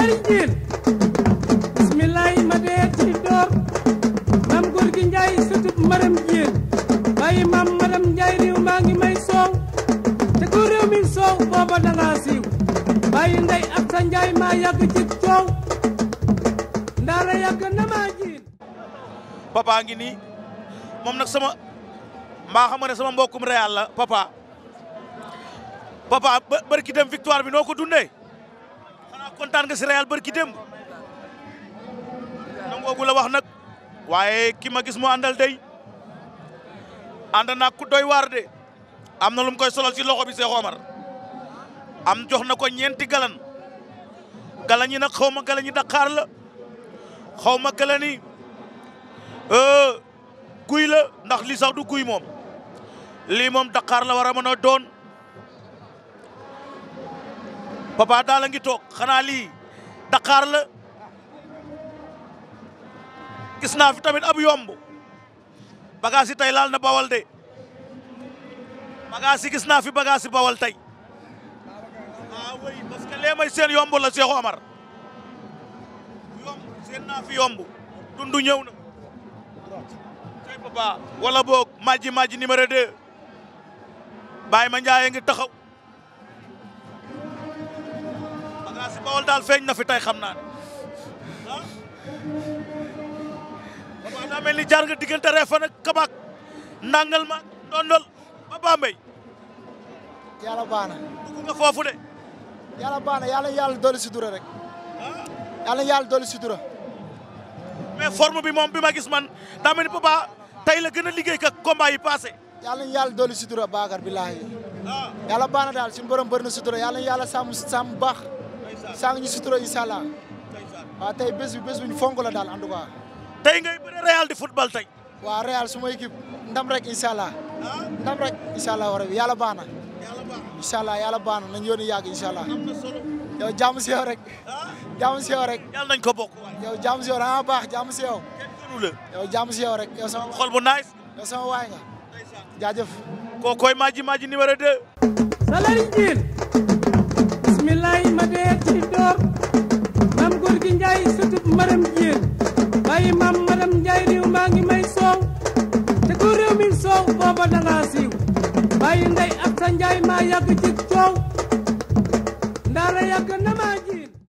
alal jiin bismillaay ma dee ci door maam góor gi njaay sutub maram jiin bàyyi maam maram njaay réew maa ngi may soow te ku réew mi soow booba danga siiw bàyyi ndey ak sa njaay maa yàgg ci coow ndaara yàgg ya na maa jiin papa ngi nii moom nag sama mbaa xam sama mbokkum Real la papa papa bërki dem victoire bi noo ko kontaan nga si Real bër ki démb nangoogu la wax nag waaye ki ma gis mu àndal day ànd naa ku doy waar de am na lum koy solal si loxo bi Cheikh Omar am jox na ko ñeenti galan galan yi nag xaw ma galan yi Dakar la xawma ma galan yi euh, guy la ndax li sax du guy moom lii moom Dakar la war a mën a doon Papa da la ngi tok xana li Dakar la gis naa fi tamit ab yomb bagage tay lal na bawal de bagage yi gis naa fi bagage bawal tay ah way parce que lemay sen yomb la Cheikh Omar yomb sen na fi yomb dundu ñëw na papa wala bok maji maji numéro 2 Baye ma Ndiaye ngi taxaw. Bawol daal feeñ na fi tey xam naa ne Papa daa mel ni jaar nga diggante Réfane ak Kabaak nangal ma ndondol ba Bambey yàlla baax na dugg nga foofu de yàlla baax na yàlla yàlla sutura rek ah. yàlla yàlla dolli sutura mais forme bi moom bi ma gis man daa mel ni Papa tey la gën a liggéey ka combat yi passé yàlla yàlla dolli sutura baakar billaahi ah. yàlla baax na daal suñu borom bëri na sutura yàlla yàlla sàmm sàmm baax saa ngi ñu sutura incha allah tey bés bi bu ñu fonk la daal en tout cas. tey ngay bëre Real di football tey. waaw Real suma équipe ndam rek incha ah. ndam rek incha allah rabi yàlla baax na. incha allah yàlla baax na nañu yoon yàgg incha allah yow jàmm si rek ah. jàmm si rek. yàlla nañ ko bokk yow jàmm si yow da ah, rek yow sama. xol nga jaajëf. kooku koy maaji maaji numéro 2. Salar mi lay ma dee ci door maam góor njaay sëtub maram jéen bàyyi maam maram njaay réew maa ngi may soow te ko mi soow booba dangaa siiw bàyyi ndey ak njaay maa yàgg ci coow